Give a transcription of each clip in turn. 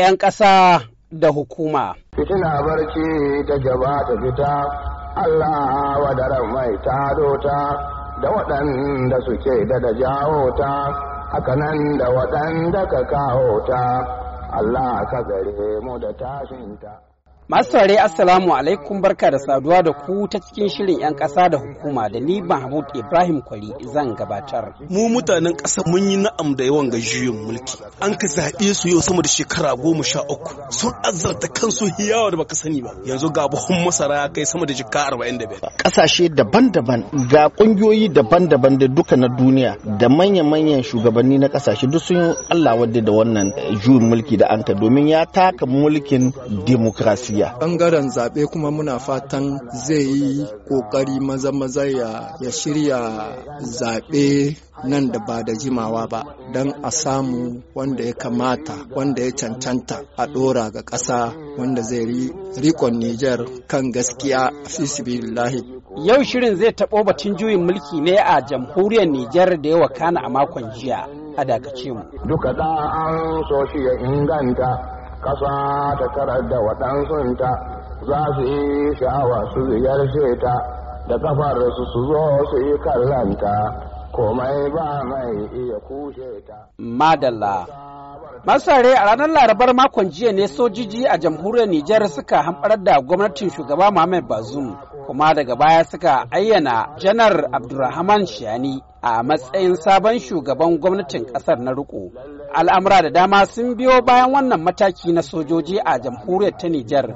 'yan ƙasa da hukuma. Fitina barci ta gaba ta fita, Allah wadaran mai ta dota da waɗanda suke da da jawo ta, nan da waɗanda ka kawo ta, Allah ka gare mu da tashinta. Masu saurari Assalamu alaikum barka da saduwa da ku ta cikin shirin 'yan ƙasa da hukuma da ni Mahmud Ibrahim Kwari zan gabatar. Mu mutanen ƙasa mun yi na'am da yawan ga juyin mulki. An ka zaɓe su yau sama da shekara goma sha uku. Sun azarta kansu hiyawa da baka sani ba. Yanzu ga buhun masara ya kai sama da jika arba'in da biyar. Ƙasashe daban-daban ga ƙungiyoyi daban-daban da duka na duniya da manya-manyan shugabanni na ƙasashe duk sun yi Allah wadda da wannan eh, juyin mulki da an ka domin ya taka mulkin demokrasiya. jam'iyya bangaren zaɓe kuma muna fatan zai yi ƙoƙari maza-maza ya shirya zaɓe nan da ba da jimawa ba don a samu wanda ya kamata wanda ya cancanta a ɗora ga ƙasa wanda zai rikon Nijar kan gaskiya fi Yau shirin zai taɓo batun juyin mulki ne a jamhuriyar Nijar da ya wakana a makon jiya a dakace mu. Duka da an so shi ya inganta ƙasa ta tarar da waɗansunta za su yi sha'awa su ziyarce ta da kafar su su zo su yi kallanta komai ba mai iya kushe ta. Madalla Masu a ranar larabar makon jiya ne sojoji a jamhuriyar Nijar suka hamɓarar da gwamnatin shugaba Muhammad Bazoum kuma daga baya suka ayyana janar Abdulrahman Shani a matsayin sabon shugaban gwamnatin ƙasar na riko. Al'amura da dama sun biyo bayan wannan mataki na sojoji a jamhuriyar ta Nijar.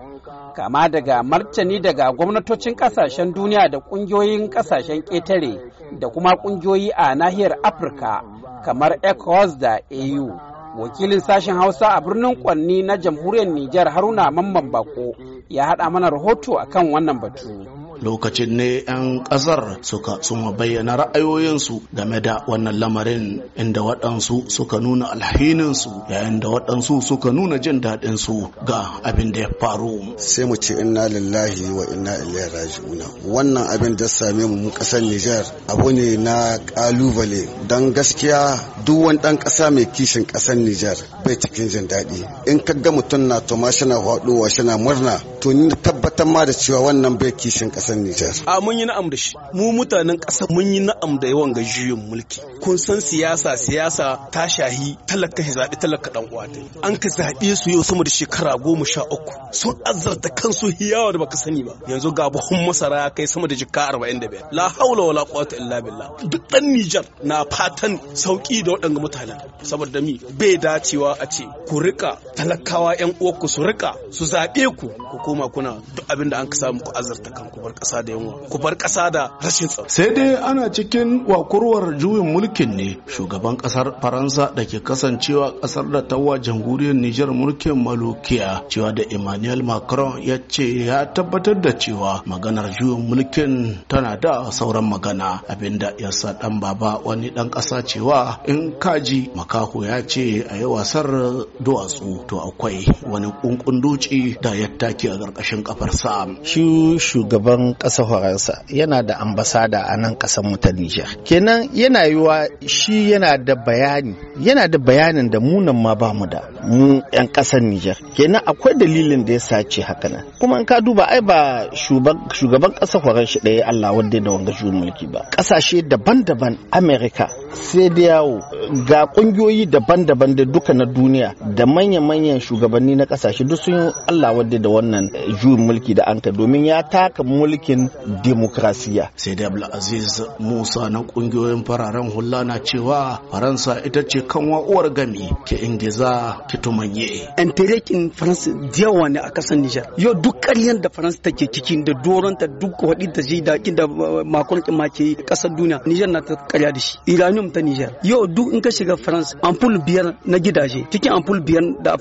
kama daga martani daga gwamnatocin kasashen duniya da kungiyoyin kasashen ƙetare da kuma kungiyoyi a nahiyar afirka kamar ecowas da au wakilin sashen hausa a birnin kwanni na jamhuriyar nijar haruna mamman bako ya haɗa mana rahoto akan wannan batu lokacin ne 'yan kasar suka suma bayyana ra'ayoyinsu game da wannan lamarin inda waɗansu suka nuna alhininsu yayin da waɗansu suka nuna jin daɗinsu ga abin da ya faru sai mu ce inna lillahi wa inna ilaihi raji'un wannan abin da same mu mu kasar Nijar abu ne na ƙalubale dan gaskiya duk wani dan kasa mai kishin kasar Nijar bai cikin jin daɗi in ka ga mutum na to ma wa shi na murna to ni tabbatar ma da cewa wannan bai kishin kasar kasar Nijar. A mun yi na'am da shi. Mu mutanen ƙasa mun yi na'am da yawan ga juyin mulki. Kun san siyasa siyasa ta shahi talaka shi zaɓi talaka ɗan uwa An ka zaɓe su yau sama da shekara goma sha uku. Sun azarta kansu hiyawa da baka sani ba. Yanzu ga buhun masara ya kai sama da jikka arba'in da biyar. La haula wala quwwata illa billah. Duk ɗan Nijar na fatan sauƙi da waɗanga mutanen. Saboda mi bai dacewa a ce ku rika talakawa 'yan uwarku su rika su zaɓe ku ku koma kuna duk abin da an ka samu ku azarta kanku. Kasa da yunwa ku bar kasa da rashin tsaro sai dai ana cikin wakurwar juyin mulkin ne shugaban ƙasar faransa da ke kasancewa ƙasar da ta wa jamhuriyar nijar mulkin malukiya cewa da emmanuel macron ya ce ya tabbatar da cewa maganar juyin mulkin tana da sauran magana abinda ya sa dan baba wani dan ƙasa cewa in kaji makaho ya ce a yi wasar duwatsu to akwai wani kunkun doci da ya take a ƙarƙashin sa. shi shugaban shugaban yana da ambasada a nan ƙasar mu ta Nijar. Kenan yana yiwa shi yana da bayani, yana da bayanin da mu nan ma ba mu da mu 'yan ƙasar Nijar. Kenan akwai dalilin da ya sace haka nan. Kuma in ka duba ai ba shugaban ƙasar Faransa ɗaya Allah wanda da wanga juyin mulki ba. Ƙasashe daban-daban Amerika, sai da yawo ga ƙungiyoyi daban-daban da duka na duniya da manya-manyan shugabanni na ƙasashe duk sun yi Allah wanda da wannan eh, juyin mulki da anka domin ya taka mulki mulkin demokrasiya. Sai da Aziz Musa na kungiyoyin fararen hula na cewa Faransa ita ce kanwa uwar gami ke ingiza ki tumanye. terekin Faransa yawa ne a kasar Nijar. Yau duk ƙaryar da Faransa take cikin da doronta duk waɗin ta ji da da makon ma ke ƙasar duniya Nijar na ta ƙarya da shi. Iranium ta Nijar. Yau duk in ka shiga Faransa ampul biyar na gidaje cikin ampul biyar da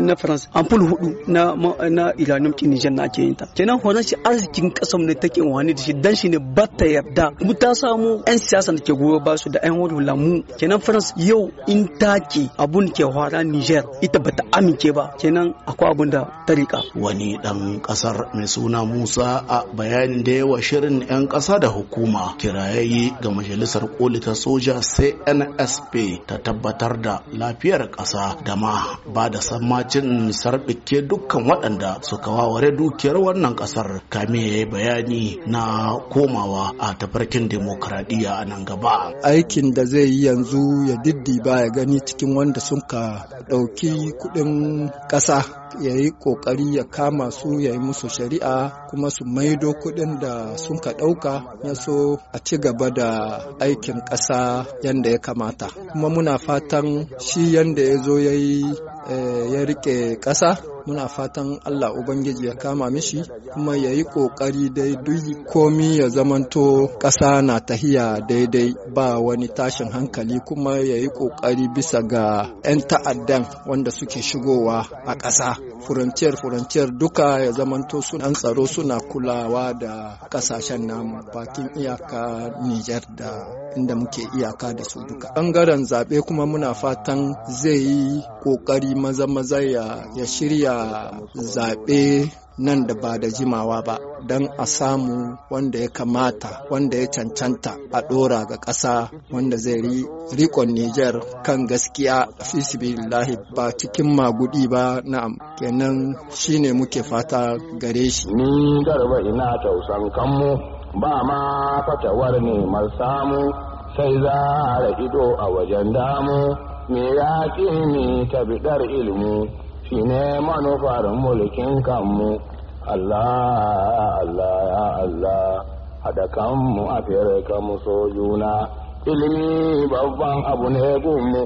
na Faransa ampul hudu na na Iranium ki Nijar na ake yin ta. Kenan Faransa arziki cikin kasar ne take wani da shi dan shi ne ba ta yarda mu ta samu yan siyasa da ke goyo ba su da yan hula mu kenan France yau in take abun ke fara Niger ita ba ta amince ba kenan akwai abun da ta rika wani dan kasar mai suna Musa a bayanin da yawa shirin yan kasa da hukuma kirayayi ga majalisar koli ta soja CNSP ta tabbatar da lafiyar kasa da ma ba da sammacin sarbike dukkan waɗanda suka waware dukiyar wannan kasar kame ya yi bayani na komawa a tafarkin demokradiyya a nan gaba. Aikin da zai yi yanzu ya diddiba ya gani cikin wanda sun ka ɗauki kuɗin ƙasa ya yi kokari ya kama su ya yi musu shari'a kuma su maido kuɗin da sun ka ɗauka na so a ci gaba da aikin ƙasa yadda ya kamata kuma muna fatan shi yadda ya zo ya yi eh, ya rike ƙasa muna fatan Allah Ubangiji ya kama mishi kuma ya yi ƙoƙari dai duk komi ya zamanto ƙasa na tahiya daidai ba wani tashin hankali kuma ya yi ƙoƙari bisa ga 'yan ta'addan wanda suke shigowa a ƙasa. Furanciyar furanciyar duka ya zamanto sunan tsaro suna kulawa da ƙasashen namu bakin iyaka Nijar da inda muke iyaka da su duka. Ɓangaren zaɓe kuma muna fatan zai yi ƙoƙari maza-maza ya shirya da zaɓe nan da ba da jimawa ba don a samu wanda ya kamata wanda ya cancanta a ɗora ga ƙasa wanda zai rikon Nijar kan gaskiya fisibillahi ba cikin magudi ba na'am kenan shine muke fata gare shi. Ni garba ina tausan kanmu ba ma fatawar neman samu sai za a ido a wajen damu me ya ƙi ni ta biɗar shi ne manufar mulkin kanmu Allah Allah ya Allah haɗa a fere kanmu so juna ilimi babban abu ne gunmu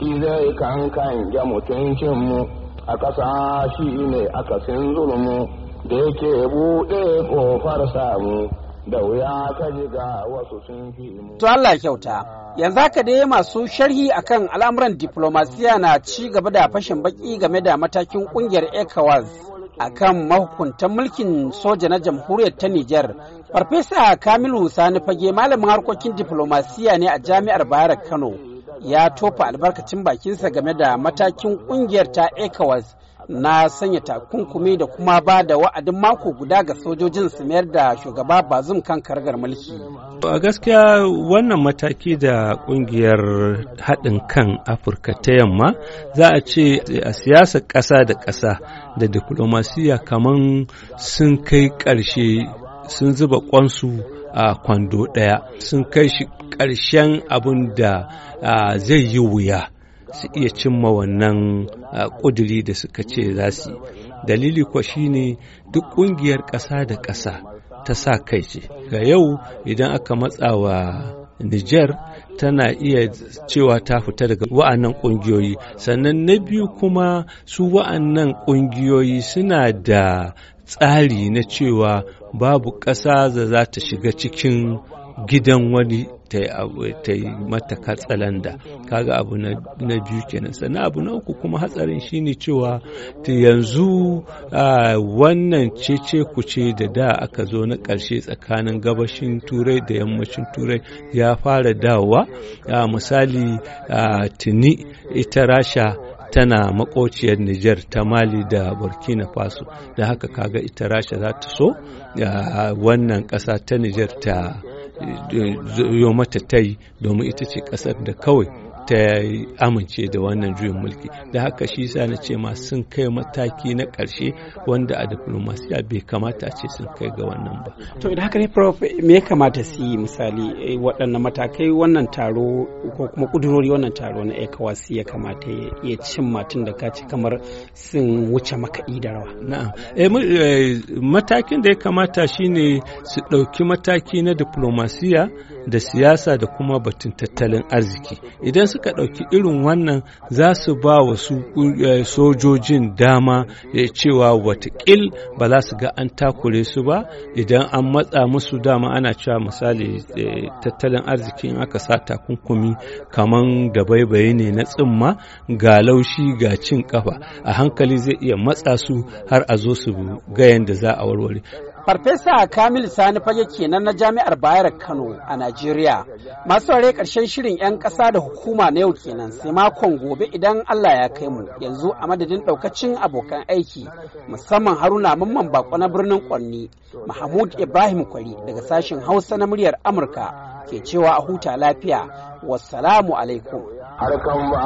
shi zai kankan ya mutuncinmu a ƙasa shi ne akasin zulmu da yake buɗe ƙofar samu da To Allah kyauta, yanzu haka dai masu sharhi akan al'amuran diplomasiya na ci gaba da fashin baki game da matakin kungiyar ECOWAS kan mahukuntan mulkin soja na jamhuriyar ta Nijar. Farfesa Kamilu Sani Fage malamin harkokin diplomasiya ne a Jami'ar Bayar Kano ya tofa albarkacin bakinsa game da matakin kungiyar ta ECOWAS na sanya takunkumi da kuma ba da wa'adin mako guda ga sojojin su mayar da shugaba bazum kan kargar mulki. A gaskiya wannan mataki da kungiyar haɗin kan Afirka ta yamma za a ce a siyasa ƙasa da ƙasa da diplomasiya kamar sun kai ƙarshe sun zuba ƙwansu a kwando ɗaya sun kai shi ƙarshen abin da zai yi wuya su iya cimma wannan ah, ƙuduri da suka ce za su dalili kuwa ne duk ƙungiyar ƙasa da ƙasa ta sa kai ce ga yau idan aka matsawa Nijar tana iya cewa ta fita daga wa'annan ƙungiyoyi sannan na biyu kuma su wa'annan ƙungiyoyi suna da tsari na cewa babu ƙasa da za ta shiga cikin gidan wani ta yi mata katsalanda kaga abu na biyu kenan sannan abu na uku kuma hatsarin shine cewa ta yanzu wannan cece kuce da da aka zo na ƙarshe tsakanin gabashin turai da yammacin turai ya fara dawowa misali tuni ita rasha tana makociyar Nijar ta Mali da Burkina Faso da haka kaga ita Rasha za ta so wannan ƙasa ta Nijar ta Eh, eh, ta yi domin ita ce kasar da kawai ta amince da wannan juyin mulki da haka shi sa na ce ma sun kai mataki na ƙarshe wanda a diplomasiya bai kamata ce sun kai ga wannan ba to idan haka ne prof me ya kamata su yi misali eh, waɗannan matakai wannan taro ko kuma ƙudurori wannan taro na ECOWAS ya kamata ya cimma tun da kaci kamar sun wuce makaɗi da rawa na'am eh, eh, matakin da ya kamata shine su ɗauki mataki na diplomasiya da siyasa da kuma batun tattalin arziki idan suka ɗauki irin wannan za su ba wa eh, sojojin dama ya eh, cewa watakil ba za su ga an takure su ba idan an matsa musu dama ana cewa misali eh, tattalin arziki in aka sa takunkumi kaman da baibaye ne na tsimma ga laushi ga cin kafa a hankali zai iya matsa su har a zo su ga yadda za a warware Farfesa Kamil Sani fage kenan na Jami'ar Bayar Kano a Najeriya. Masu ware ƙarshen shirin 'yan ƙasa da hukuma na yau kenan sai makon gobe idan Allah ya kai mu yanzu a madadin ɗaukacin abokan aiki musamman Haruna Mamman Bako na birnin Kwanni, Mahmud Ibrahim Kwari daga sashen Hausa na muryar Amurka ke cewa a huta lafiya. Wassalamu alaikum. Harkan ba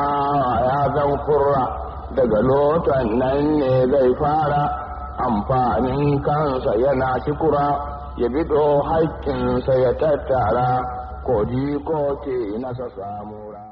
ya zan kurra daga lotan nan ne zai fara. amfanin kansa yana kikura ya bido haƙƙinsa ya tattara ko ke nasa samura.